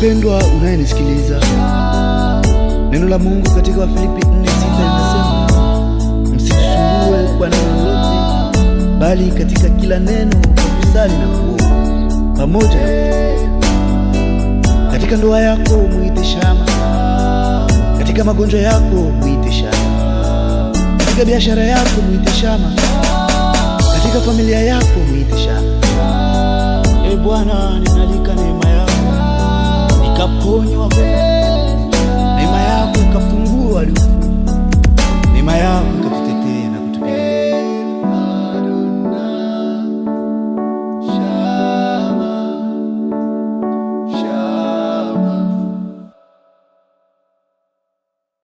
Mpendwa unayenisikiliza, neno la Mungu katika Wafilipi 4:6 linasema msisumbue kwa neno lolote, bali katika kila neno kwa kusali na kuomba pamoja na Katika ndoa yako muite shama, katika magonjwa yako muite shama, katika biashara yako muite shama, katika familia yako muite shama. E Bwana, ninalika neema yako nunca ponho a